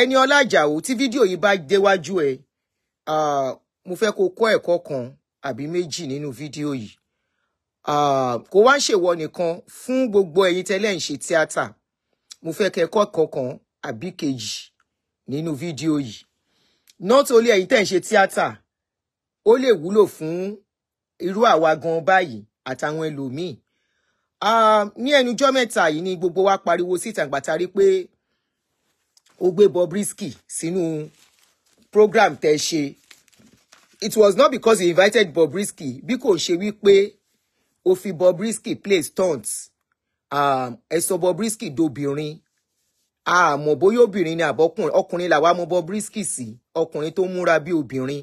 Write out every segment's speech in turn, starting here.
ẹni ọlá ìjàwó tí fídíò yìí bá déwájú ẹ mo fẹ́ kó kọ́ ẹ̀kọ́ kan àbí méjì nínú fídíò yìí kó wá ń ṣèwọ nìkan fún gbogbo ẹ̀yin tẹ́lẹ̀ ń ṣe tíátà mo fẹ́ kẹ́kọ́ kankan àbí kejì nínú fídíò yìí not only ẹ̀yin tẹ́ ń ṣe tíátà ó lè wúlò fún irú àwa gan báyìí àtàwọn ẹlòmíì ní ẹnujọ́ mẹ́ta yìí ni gbogbo wa pariwo síta gbàtàrí pé ó gbé Bobrisky sínú program tẹ́ ṣe it was not because he invited Bobrisky bí kò ṣe wípé ó fi Bobrisky play stunt um, ẹ sọ Bobrisky dobìnrin àmọ́ bóyá obìnrin ni àbọkùnrin ọkùnrin làwa mọ̀ Bobrisky sí ọkùnrin tó múra bí obìnrin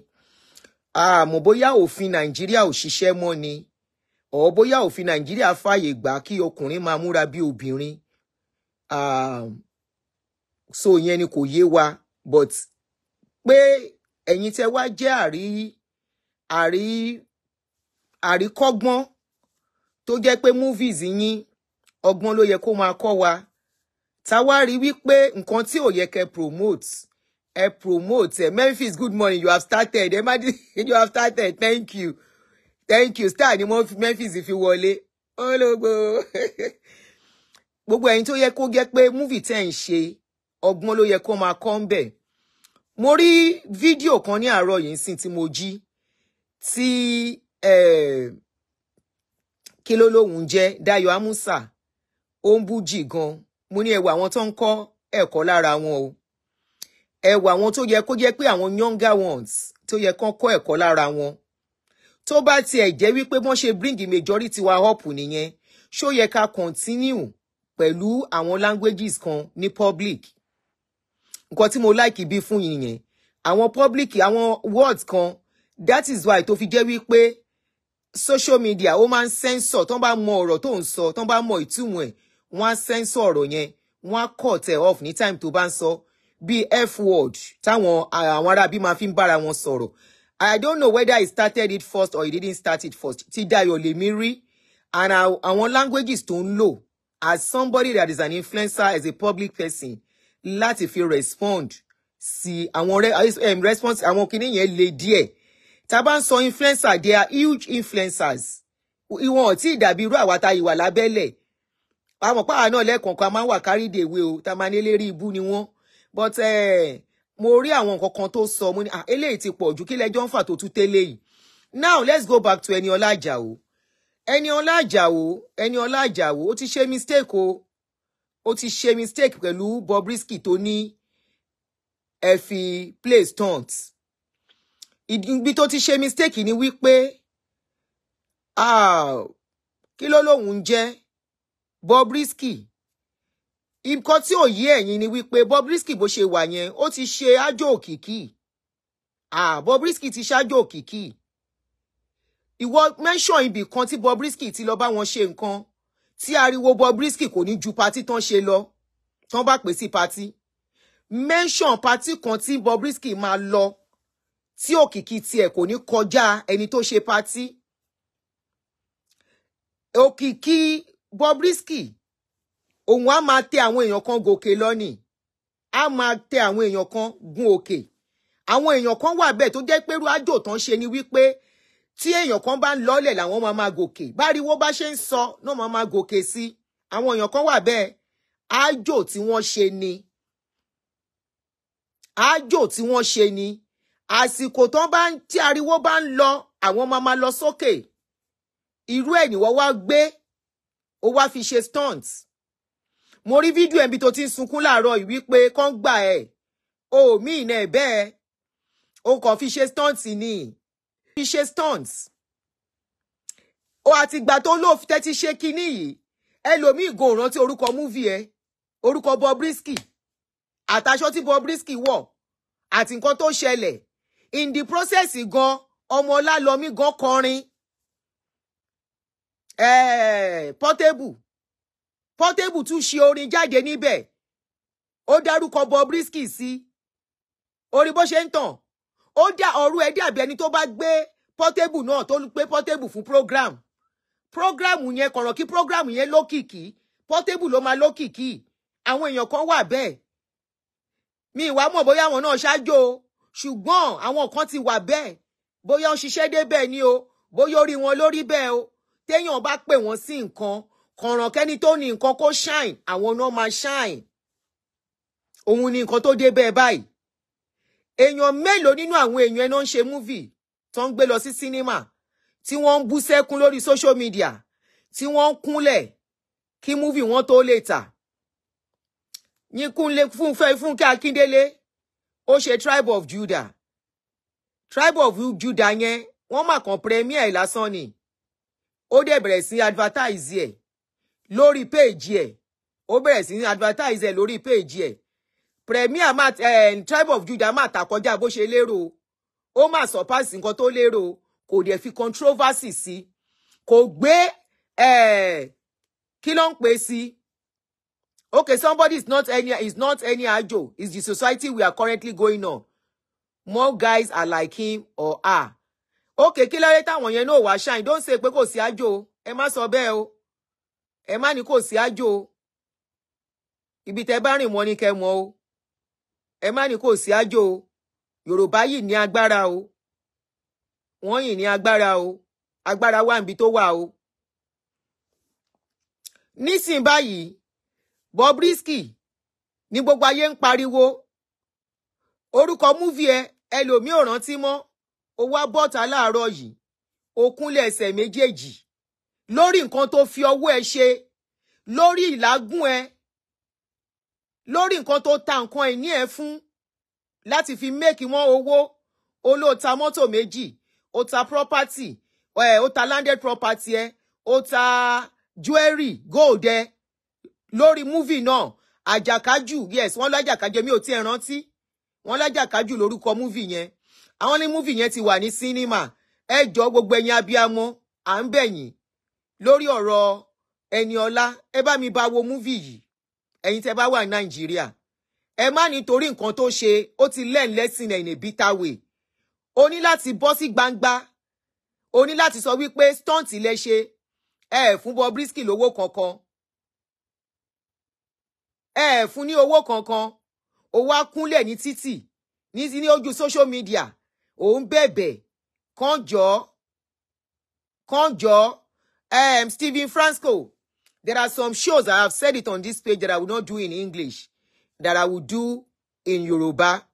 àmọ́ bóyá òfin Nàìjíríà ò ṣiṣẹ́ mọ́ ni ọ bóyá òfin Nàìjíríà fààyè gbà kí ọkùnrin máa múra bí obìnrin um, so yẹn ni kò yé wa but pé ẹ̀yin tẹ́ wá jẹ́ àrí àrí àríkọ́gbọ́n tó jẹ́ pé movies yín ọgbọ́n ló yẹ kó máa kọ́ wa ta wá rí wípé nǹkan tí ò yẹ kẹ́ promote ẹ promote ẹ Memphis good morning you have started ẹ má you have started thank you thank you star ni Memphis fi wọlé ológbò gbogbo ẹ̀yin tó yẹ kó jẹ́ pé movie tẹ́ ń ṣe ọgbọ́n ló yẹ kó máa kọ́ ń bẹ̀ mo rí fídíò kan ní àárọ̀ yìí sí tí mo jí tí eh, kí ló lóhùn jẹ́ Dayo Amusa ó ń bú jì gan mo ní ẹwà àwọn tó ń kọ́ ẹ̀kọ́ lára wọn o ẹwà àwọn tó yẹ kó jẹ́ pé àwọn younger ones tó yẹ kán kọ́ ẹ̀kọ́ lára wọn tó bá tiẹ̀ jẹ́ wípé wọ́n ṣe bring majority wa up nìyẹn ṣó yẹ ká continue pẹ̀lú àwọn languages kan ní public nǹkan tí mo like bí fún yìnyín àwọn public àwọn words kan that is why tó fi jẹ́ wípé social media ó máa ń censor tó ń bá mọ ọ̀rọ̀ tó ń sọ tó ń bá mọ ìtumọ̀ ẹ̀ wọ́n á censor ọ̀rọ̀ yẹn wọ́n á cut ẹ̀ off ní time tó bá ń sọ bíi f word táwọn àwọn arábí máa fi ń bára wọn sọ̀rọ̀ i don't know whether he started it first or he didn't start it first ti Dayọ̀ lèmi rí and uh, àwọn languages tó ń lò as somebody that is an influencer as a public person láti fi respond sí àwọn eh, response àwọn kinní yẹn le díẹ̀ tá a bá ń sọ influencer they are huge influencers ìwọ̀n ò tí ì dàbí irú àwa ta ìwà lábẹ́lẹ̀ àwọn pààrọ̀ náà lẹ́ẹ̀kọ̀ọ̀kan máa ń wà kárí ìdèwé o tá a máa ní eléré ibú ni wọ́n but eh, mo rí àwọn nǹkan kan tó sọ mo ní ah eléyìí ti pọ̀ ju kí lẹ́jọ́ ń fà tó tún tẹ́lẹ̀ yìí now let's go back to Eniola Ajao Eniola Ajao Eniola Ajao ó ti ṣe mistake o ó ti ṣe mistake pẹ̀lú Bobrisky tó ní ẹ fi play stunt ibi tó ti ṣe mistake ni wípé ah, kí ló lóun jẹ́ Bobrisky nǹkan tí ò yé ẹ̀yin ni wípé Bobrisky bó ṣe wà yẹn ó ti ṣe ájò òkìkí ah, Bobrisky ti ṣáájò òkìkí ìwọ mẹ́ṣọ̀ ibì kan tí Bobrisky ti lọ bá wọn ṣe nǹkan tí ariwo Bobrisky kò ní ju patí tán ṣe lọ tán bá pè sí patí mention patí kan tí Bobrisky máa lọ tí òkìkí tiẹ̀ kò ní kọjá ẹni tó ṣe patí òkìkí Bobrisky òun á máa tẹ àwọn èèyàn kan gòkè lọ́nì á máa tẹ àwọn èèyàn kan gun òkè àwọn èèyàn kan wà bẹ́ẹ̀ tó jẹ́ pé irú àjò tán ṣe ni wípé tí èèyàn kan bá ń lọ́lẹ̀ làwọn máa máa gòkè báriwo bá ṣe ń sọ náà máa máa gòkè sí àwọn èèyàn kan wà bẹ́ẹ̀ ájò tí wọ́n ṣe ni ájò tí wọ́n ṣe ni àsìkò tán bá ń tí ariwo bá ń lọ àwọn máa máa lọ sókè irú ẹ̀ nìwọ wá gbé ó wá fi ṣe stunt mo rí fídíò ẹ̀mí tó ti ń sunkún láàárọ̀ yìí wípé kán gbà ẹ̀ o ò mí ìnà ẹ̀ bẹ́ẹ̀ o kàn fi ṣe stunt ni ti ṣe stunts o àti ìgbà tó lò tẹ́ ti ṣe kinní yìí ẹlòmíì go rántí orúkọ múvi ẹ orúkọ Bobrisky àtàṣọ tí Bobrisky wọ̀ àti nǹkan tó ṣẹlẹ̀ in the process gan ọmọ ọlálọmí gan kọrin eh, Portable Portable tún ṣe orin jáde níbẹ̀ ó dárúkọ Bobrisky sí orí bó ṣe ń tàn ó dá ọ̀rọ̀ ẹ̀ dàbí ẹni tó bá gbé pọ́tébù náà tó ń pé pọ́tébù fún program program yẹn kọ̀rọ̀ kí program yẹn lókìkí pọ́tébù ló máa lókìkí àwọn èèyàn kan wà bẹ́ẹ̀ mi ìwà mọ̀ bóyá àwọn náà ṣáájú o ṣùgbọ́n àwọn kan ti wà bẹ́ẹ̀ bóyá ó ṣiṣẹ́ débẹ̀ ni o bóyá orí wọn lórí bẹ́ẹ̀ o téèyàn bá pè wọ́n sí nǹkan kọ̀ràn kẹ́ni tó ní nǹkan kó ṣáìn àwọn náà máa ṣáìn òun ni nǹkan tó débẹ̀ báyìí èèyàn mélòó nínú àwọn èèyàn ẹná ń ṣe múvì tó ń gbé lọ sí sínímà tí wọ́n ń bú sẹ́kún lórí social media tí wọ́n ń kúnlẹ̀ kí múvì wọn tó lè tà Yínkunlé Fúnfẹ́ Fúnkẹ́ Akíndélé ó ṣe tribe of Judah tribe of Judah yẹn wọ́n mà kàn premier lásán ni ó dẹ̀ bẹ̀rẹ̀ sí advertise ẹ̀ lórí péèjì ẹ̀ ó bẹ̀rẹ̀ sí advertise ẹ̀ lórí péèjì ẹ̀ premier ma eh, tribe of Judah ma ta kọjá bó ṣe lérò ma surpass nǹkan tó lérò kò dẹ̀ fi controversy sí kò gbé eh, kí ló ń pè okay somebody is not any is not any ajo is the society we are currently going on more guys are like him or her okay kí lóore táwọn yẹn náà wá ṣáìn don't say pé kò sí ajo ẹ má sọ bẹ́ẹ̀ o ẹ má ní kò sí ajo ibi tẹ́ bá rìn mọ́ ni kẹ́ mọ̀ o ẹ má ní kò sí àjò o yorùbá yìí ní agbára o wọ́n yìí ní agbára o agbára wà níbi tó wà o. nísìn báyìí Bobrisky ni gbogbo ayé ń pariwo orúkọ múvi ẹ ẹlòmíì ò rántí mọ́ ó wá bọ́ta láàárọ̀ yìí ó kúnlẹ̀ ẹsẹ̀ méjèèjì lórí nǹkan tó fi ọwọ́ ẹ ṣe lórí ìlágún ẹ lórí nǹkan tó ta nǹkan ìní ẹ̀ fún láti fi méèkì wọn owó olóòta mọ́tò méjì ó property ẹ̀ ó landed property ẹ̀ ó jewelry gold ẹ̀ lórí movie náà àjàkájù yes wọ́n lájàkájù mi ò tiẹ̀ rántí wọ́n lájàkájù lórúkọ movie yẹn àwọn ní movie yẹn ti wà ní sinima ẹ jọ̀ọ́ gbogbo ẹ̀yin abiyamọ à ń bẹ̀ lórí ọ̀rọ̀ Ẹniọlá ẹ bá mi ba wo movie yìí ẹ̀yin tẹ́ bá wà ní nàìjíríà ẹ má nítorí nǹkan tó ṣe ó ti learn lesson in a bitter way o ní láti bọ́ sí gbangba o ní láti sọ wípé stunt lẹ ṣe ẹ ẹ fún Bobrisky lówó kankan ẹ ẹ fún ní owó kankan ó wá kúnlẹ̀ ní títì ní ní ojú social media òun bẹ̀bẹ̀ kàn jọ́ um, Stephen Franco There are some shows, I have said it on this page, that I will not do in English, that I will do in Yoruba.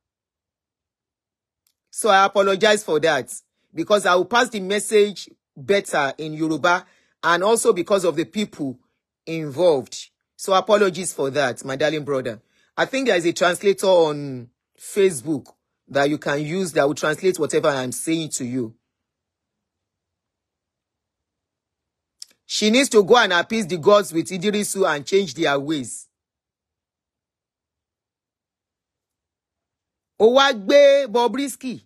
So I apologize for that because I will pass the message better in Yoruba and also because of the people involved. So apologies for that, my darling brother. I think there is a translator on Facebook that you can use that will translate whatever I'm saying to you. She needs to go and appease the gods with Idirisu and change their ways. Ó wá gbé Bobrisky.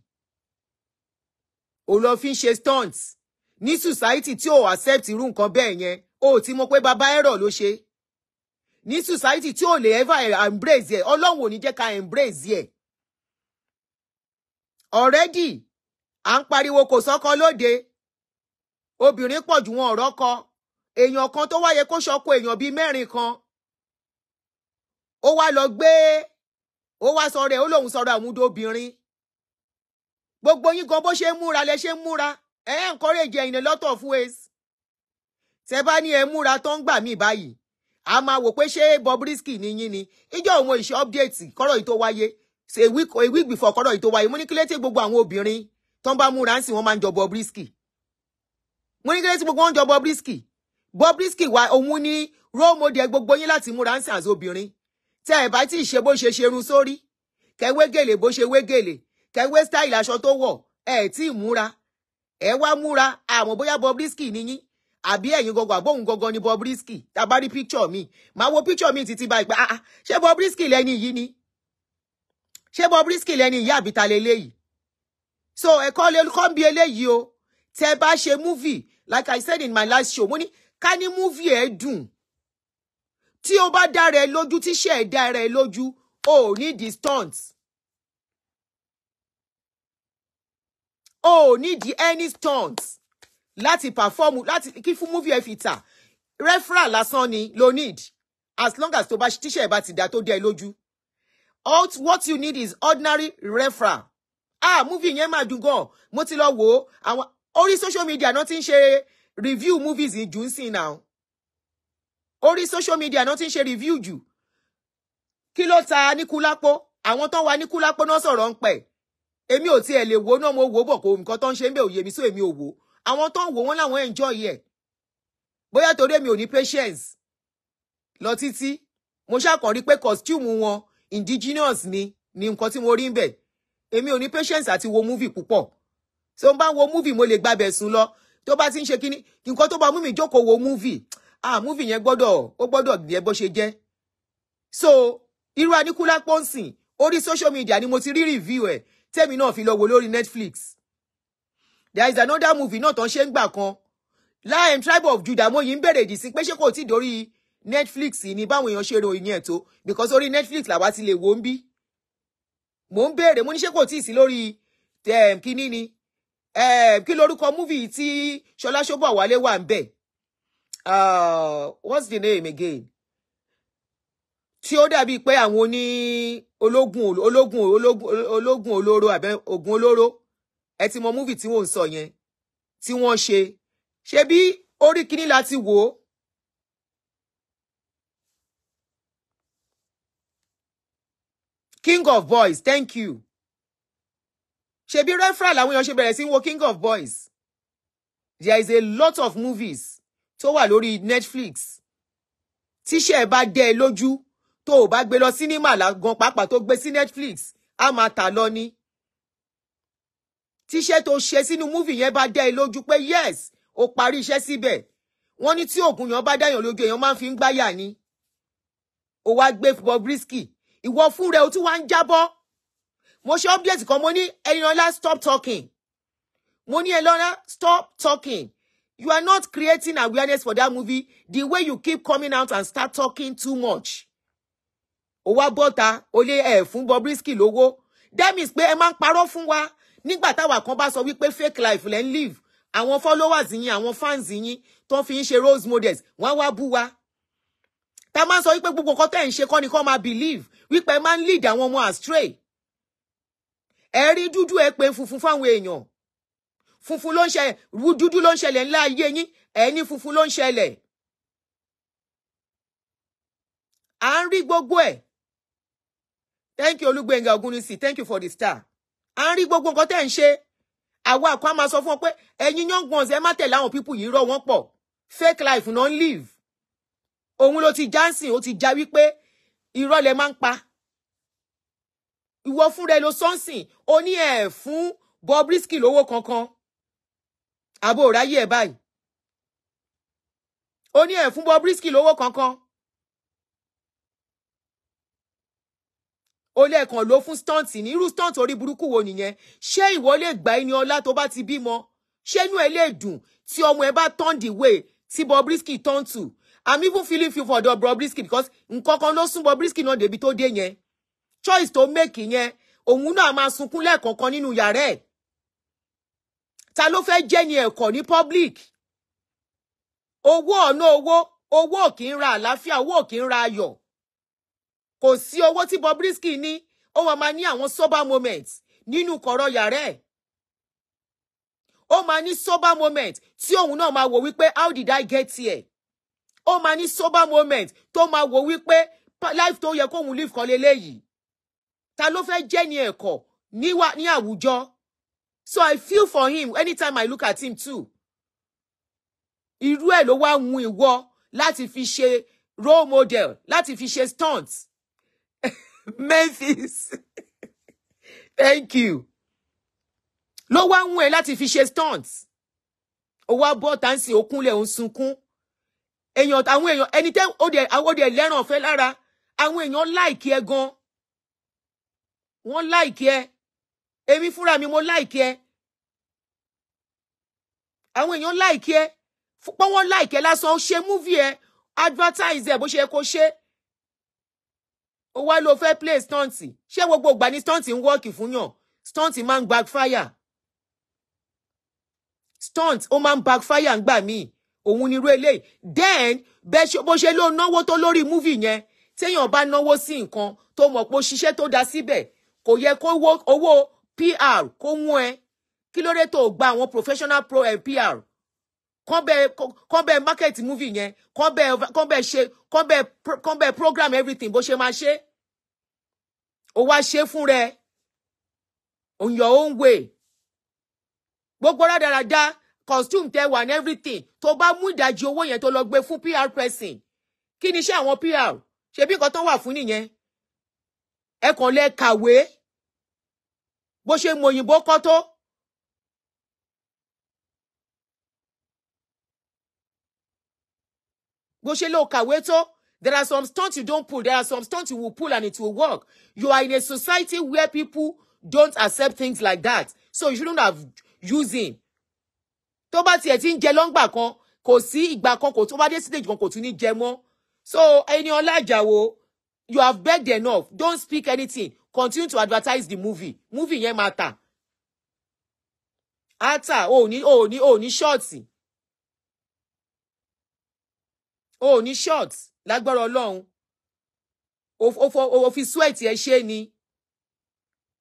Ó lọ fi ṣe stunts. Ní society tí ò accept irú nǹkan bẹ́ẹ̀ yẹn, ó ti mọ̀ pé baba ẹ̀rọ ló ṣe. Ní society tí O lè ever embrace ẹ̀, Ọlọ́run ò ní jẹ́ ká embrace ẹ̀. Already, à ń pariwo kò sọ́kọ lóde. Obìnrin pọ̀ ju wọn ọ̀rọ̀ kọ èèyàn kan tó wáyé kó ṣọkọ èèyàn bíi mẹ́rin kan ó wá lọ gbé ó wá sọ̀rọ̀ ẹ ó lóun sọ̀rọ̀ àwọn obìnrin gbogbo yín gan bó ṣe ń múra lẹ ṣe ń múra ẹ ń encourage in a lot of ways tẹ bá ní ẹ múra tó ń gbà mí báyìí a máa wò pé ṣé Bobrisky ni yín ni ìjọ òun ìṣe update kọ́rọ̀ yìí tó wáyé a week a week before kọ́rọ̀ yìí tó wáyé mo ní kí létí gbogbo àwọn obìnrin tó ń bá múra ń sìn wọ́n máa ń jọ Bobrisky mo ní kí létí gbogbo wọn ń jọ Bobrisky Bobrisky wa òun ní role model gbogbo yín láti múra ńsìn àti obìnrin tẹ ẹ bá tí ì ṣe bó ṣe ṣerun sórí kẹwé gèlè bó ṣe wé gèlè kẹwé style aṣọ tó wọ̀ ẹ tí ì múra ẹ wá múra àmọ́ bóyá Bobrisky ni yín àbí ẹ̀yin gọgọ àbóhùn gọgọ ni Bobrisky tàbá rí picture mi máa wo picture mi títí báyìí pé ah, ah ṣé Bobrisky lẹni yìí ni ṣé Bobrisky lẹni ìyá àbíta lélẹyìí so ẹkọ lè kọ́ bí eléyìí o tẹ bá ṣe movie like I said in my last show mo ní ká ní múfì ẹ dùn tí ó bá dára ẹ lójú tíṣẹ́ ẹ dára ẹ lójú o ò ní di stunt o ò ní di any stunt láti perform láti kí fún múfì ẹ fi tà referral lásán ni lo need as long as tó bá tíṣẹ́ ẹ bá ti dá tó dá ẹ lójú all what you need is ordinary referral ah múfì yẹn máa dùn gan mo ti lọ wò ó àwọn orí social media náà ti ń ṣe review movies in June. sìn now. orí social media nothing she ń ṣe review jù kí ló ta níkúlápó àwọn tó ń wa níkúlápó náà sọ̀rọ̀ ń pẹ̀ èmi ò tiẹ̀ lè wo náà mo wò ó bọ̀ kó nǹkan tó ń ṣe ń bẹ̀ òye mi sí èmi ò wò àwọn tó ń wò wọ́n làwọn enjoy ẹ̀ Boya torí èmi ò ní patience lọ títí mo ṣàkàn rí pé costume wọn indigenous ni ni nǹkan tí mo rí ń bẹ̀ èmi ò patience ati wo movie púpọ̀ tí mo bá wo movie mo lè gbabẹ̀ sùn lọ tó bá ti ń ṣe kínní nǹkan tó bá mú mi jókòó wo múvì ah múvì yẹn gbọ́dọ̀ ó gbọ́dọ̀ yẹ bó ṣe jẹ́ so irú Aníkúlápó ń sìn orí social media ni mo ti rí review ẹ̀ tẹ́mi náà fi lọ wò lórí Netflix there is another movie náà tó ń ṣe ń gbà kan lion tribe of Judah mo yìí ń bèrè ìdí sí pé ṣé kò tí ì Netflix ni báwọn èèyàn ṣe ròyìn ẹ̀ tó because orí Netflix làwa ti lè wò ń bí mo ń béèrè mo ní ṣé kò tí ì sí lórí ehm, kíní ni Eh, kí lorúkọ múvì tí Ṣọlá Ṣóbọ̀wálé wà ń bẹ̀ uh, what's the name again tí ó dàbí pé àwọn oní ológun ológun ológun olóró àbẹ ogun olóró ẹ ti mọ múvì tí wọ́n ń sọ yẹn tí wọ́n ṣe ṣe bí orí kíní la wò ó. King of Boys, thank you ṣebí referral làwọn èèyàn ṣe bẹ̀rẹ̀ sí wo king of boys there is a lot of movies tó wà lórí netflix tíṣẹ́ bá dẹ́ ẹ lójú tó o bá gbé lọ sínímà gan pàápàá tó gbé sí netflix á máa tà lọ ni tíṣẹ́ tó ṣe sínú movie yẹn bá dẹ́ ẹ lójú pé yes o parí iṣẹ́ síbẹ̀ wọ́n ní tí oògùn yẹn bá dáyàn lójú èèyàn máa ń fi ń gbáyà ni o wá gbé Bobrisky ìwọ fúnra ẹ o tún wá ń jábọ́ mo ṣe update kan mo ní Ẹniọlá stop talking mo ní Ẹniọlá stop talking you are not creating awareness for that movie the way you keep coming out and start talking too much ó wá bọ́ta ó lé ẹ̀ fún Bobrisky lówó that means pé ẹ máa ń parọ́ fún wa nígbà táwa kan bá sọ wípé fake life lẹ́ ń live àwọn followers yín àwọn fans yín tó fi ń ṣe role models wọ́n wá bú wa tá máa ń sọ wípé gbogbo nǹkan tẹ́ ń ṣe kọ́ ni kọ́ máa believe wípé ẹ máa ń lead àwọn ọmọ astray ẹ rí dúdú ẹ pé funfun fáwọn èèyàn funfun ló ń ṣe dúdú ló ń ṣẹlẹ̀ ńlá ayé yín ẹ ní funfun ló ń ṣẹlẹ̀ à ń rí gbogbo ẹ̀ thank you Olúgbénga Ògúnnísì thank you for the star à ń rí gbogbo nǹkan tẹ́ ń ṣe àwa àkọ́ á máa sọ fún ọ pé ẹ̀yin young ones ẹ má tẹ̀lé àwọn people yìí rọ̀ wọ́n pọ̀ fake life non live òun ló ti jánsìn ó ti já wípé irọ́ lẹ máa ń pa ìwọ fúnra ẹ ló sọ́nsìn o ní ẹ̀ fún Bobrisky lówó kankan àbò ráyè ẹ̀ báyìí o ní ẹ̀ fún Bobrisky lówó kankan o lẹ́ẹ̀kan ló fún stunt ní irú stunt orí burúkú wo nìyẹn ṣé ìwọ lè gba ẹni ọlá tó bá ti bímọ ṣé inú ẹ lè dùn tí ọmọ ẹ bá turn the way tí Bobrisky turn to I'm even feeling feel for the Bobrisky because nǹkan kan ló sún Bobrisky náà débi tó dé yẹn choice tó make yẹn òun náà máa sunkún lẹ́ẹ̀kọ̀ọ̀kan nínú yàrá ta ló fẹ́ jẹ́ ni ẹ̀kọ́ ní public Owo ọ̀nà owo owo ò kì í ra àlàáfíà owó ò kì í ra ayọ̀ kò sí owó tí Bobrisky ní ó máa ma ní àwọn soba moments, nínú kọ̀rọ̀ yàrá ẹ̀ ó máa ní moment tí òun náà máa wò wípé how did I get here O máa ní sober moment tó máa wò wípé life tó yẹ kóun live kan lélẹ́yìí ta ló fẹ́ jẹ́ ní ẹ̀kọ́ ní àwùjọ so i feel for him anytime i look at him too irú ẹ̀ ló wá hun ìwọ láti fi ṣe role model láti fi ṣe stunt Memphis thank you ló wá hun ẹ láti fi ṣe stunt ó wá bọ́ táǹsì òkúnlẹ̀ òun sunkún èèyàn àwọn èèyàn ẹni tẹ́ ó dẹ̀ lẹ́ràn ọ̀fẹ́ lára àwọn èèyàn láìkí ẹ gan-an wọ́n láìkí ẹ èmi fúnra mi mo láìkí ẹ àwọn èèyàn láìkí ẹ pọ́n wọ́n láìkí ẹ lásán ó ṣe múvì ẹ advertise ẹ bó ṣe kó ṣe ó wá ló fẹ́ play stunt ṣé gbogbo ìgbà ni stunt ń wọ́ọ̀kì fún yàn stunt máa ń backfire stunt ó máa ń backfire ńgbà míì òun ni irú eléyìí then bó ṣe ló náwó tó lórí múvì yẹn téèyàn bá náwó sí nǹkan tó mọ̀ pé ó ṣiṣẹ́ tó dá síbẹ̀ kò yẹ kó owó PR kó wọ́n ẹ kí ló dé tó gba àwọn professional pro and PR kàn bẹ kàn bẹ market movie yẹn kàn bẹ kàn bẹ ṣe kàn bẹ kàn bẹ program everything bó ṣe máa ṣe ó wá ṣe fún rẹ on your own way gbogbo rádaràda costume tẹ wà ní everything tó bá mú ìdajì owó yẹn tó lọ gbé fún PR person kí ni iṣẹ́ àwọn PR ṣebí nǹkan tán wà fún nìyẹn ẹ kàn lẹ kàwé bó ṣe mọ òyìnbó kọ́ tó. bó ṣe lọ kàwé tó there are some stunts you don't pull there are some stunts you will pull and it will work you are in a society where people don't accept things like that so you shouldn't have using. him. tó bá tiẹ̀ ti ń jẹ lọ́ngbà kan kò sí ìgbà kan kò tó bá dé stage kan kò tún ní jẹ mọ́ so ẹni ọlá àjàwò you have begged enough don't speak anything continue to advertise the movie movie yẹn máa tà á tà o ni ní o ò ní o ò ní ṣọ́ọ̀tì o ò ní ṣọ́ọ̀tì lágbára ọlọ́run o fi sweat ẹ ṣe ni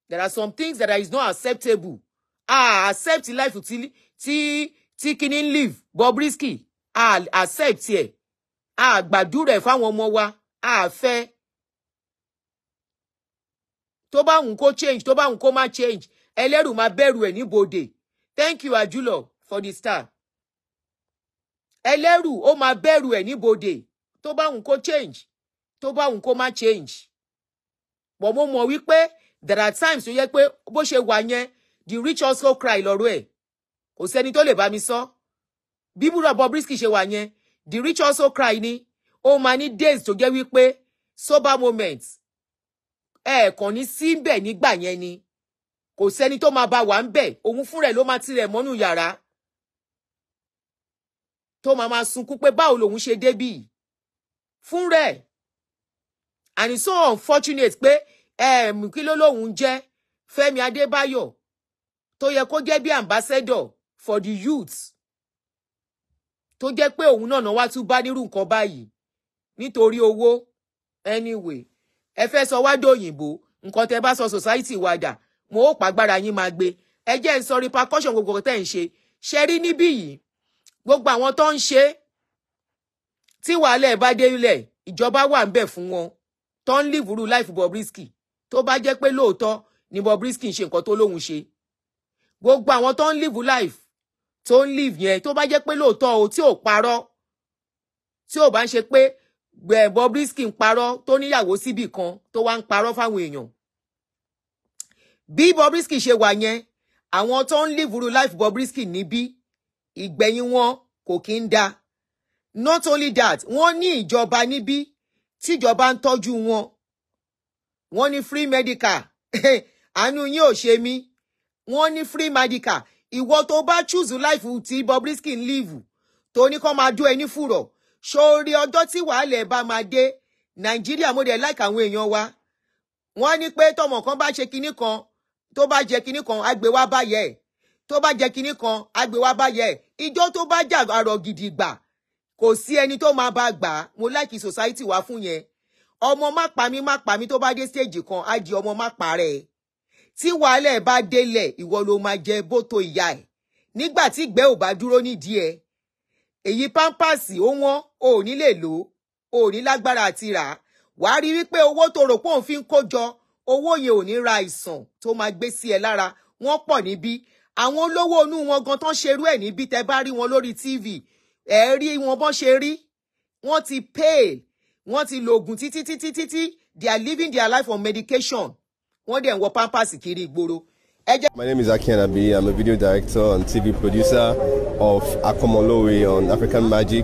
there are some things that is not acceptable ah accept life ti ti ti kini n live Bobrisky ah accept ẹ ah gbàdúrà ẹ fáwọn ọmọ wa ah fẹ́ tó bá wùn kó change tó bá wùn kó má change ẹlẹ́rù máa bẹ̀rù ẹ̀ níbodè thank you àjùlọ for the star ẹlẹ́rù ó máa bẹ̀rù ẹ̀ níbodè tó bá wùn kó change tó bá wùn kó má change bọ̀ mo mọ̀ wípé there are times tó yẹ pé bó ṣe wà yẹn the rich also cry lọ́rọ̀ ẹ̀ kò sẹ́ni tó lè bá mi sọ bí búrọ̀ Bobrisky ṣe wà yẹn the rich also cry ni ó máa ní days tó jẹ́ wípé sober moments ẹ kàn ní síbẹ̀ nígbà yẹn ni kò sẹ́ni tó máa bá wà ń bẹ̀ òun fúnra ẹ̀ ló máa tirẹ̀ mọ́nú yàrá tó máa máa sunkún pé báwo lòun ṣe débì fúnra ẹ̀ and so unfortunate pé um, kí ló lóun jẹ́ Fẹ́mi Adébáyọ̀ tó yẹ kó jẹ́ bí ambassador for the youth tó jẹ́ pé òun náà wá tún bá nírú nǹkan báyìí nítorí owó anyway ẹ fẹ́ sọ wá dòyìnbó nǹkan tẹ́ bá sọ society wa dà mo ó pàgbára yín máa gbé ẹ jẹ́ ń sọ repercussion gbogbo tẹ́ ń ṣe ṣe rí níbí yìí gbogbo àwọn tó ń ṣe tí wàhálà ẹ̀ bá dé ilẹ̀ ìjọba wà ń bẹ̀ fún wọn tó ń lìvùrú láìfù Bobrisky tó bá jẹ́ pé lóòótọ́ ni Bobrisky ń ṣe nǹkan tó lóun ṣe gbogbo àwọn tó ń lìvù láìfù tó ń lìvù yẹn tó bá jẹ́ pé lóòótọ́ o tí ò parọ́ tí ò bá ń ṣe pé Bobrisky ń parọ́ tó níyàwó síbì kan tó wá ń parọ́ fáwọn èèyàn bí Bobrisky ṣe wà yẹn àwọn tó ń live life Bobrisky níbí ìgbẹ̀yìn wọn kò kí ń da not only that wọ́n ní ìjọba níbí tíjọba ń tọ́jú wọn wọ́n ní free medical àánú yín ò ṣe mí wọ́n ní free medical ìwọ tó bá choose life tí Bobrisky ń live tó ní kó máa dún ẹni fùrọ̀ sórí ọjọ́ tí wàhálẹ̀ bá máa dé nàìjíríà mo dẹ̀ láìka àwọn èèyàn wa wọ́n ní pé tọmọ kan bá ṣe kinní kan tó bá jẹ kinní kan á gbé wá báyẹ̀ tó bá jẹ kinní kan á gbé wá báyẹ̀ ìjọ́ tó bá jà àrọ̀ gidi gbà kò sí ẹni tó máa bá gbà mo láìkí society wa fún yẹn ọmọ má pa mí má pa mí tó bá dé stage kan á di ọmọ má pa rẹ̀ tí wàhálẹ̀ bá délẹ̀ ìwọ ló máa jẹ bóto ìyá ẹ̀ nígbà tí ìgbẹ́ ò bá dúró nídìí ẹ̀ èyí pampasì ó wọ́n o lè lò ó lágbára àti rà á rí wípé owó tó rò pé òun fi ń kó jọ owó yẹn ò ní ra àìsàn tó máa gbé sí ẹ lára wọ́n pọ̀ níbí àwọn olówó inú wọn gan tán ṣerú ẹ̀ níbí tẹ́ bá rí wọn lórí tv ẹ rí wọn bọ́n ṣe rí wọ́n ti pay wọ́n ti lògùn títí títí títí they are living their life on medication wọ́n dẹ̀ ń wọ pampers kiri ìgboro. My name is Aki Anabi. I'm a video director and TV producer of Akomolowe on African Magic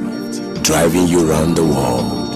driving you around the world.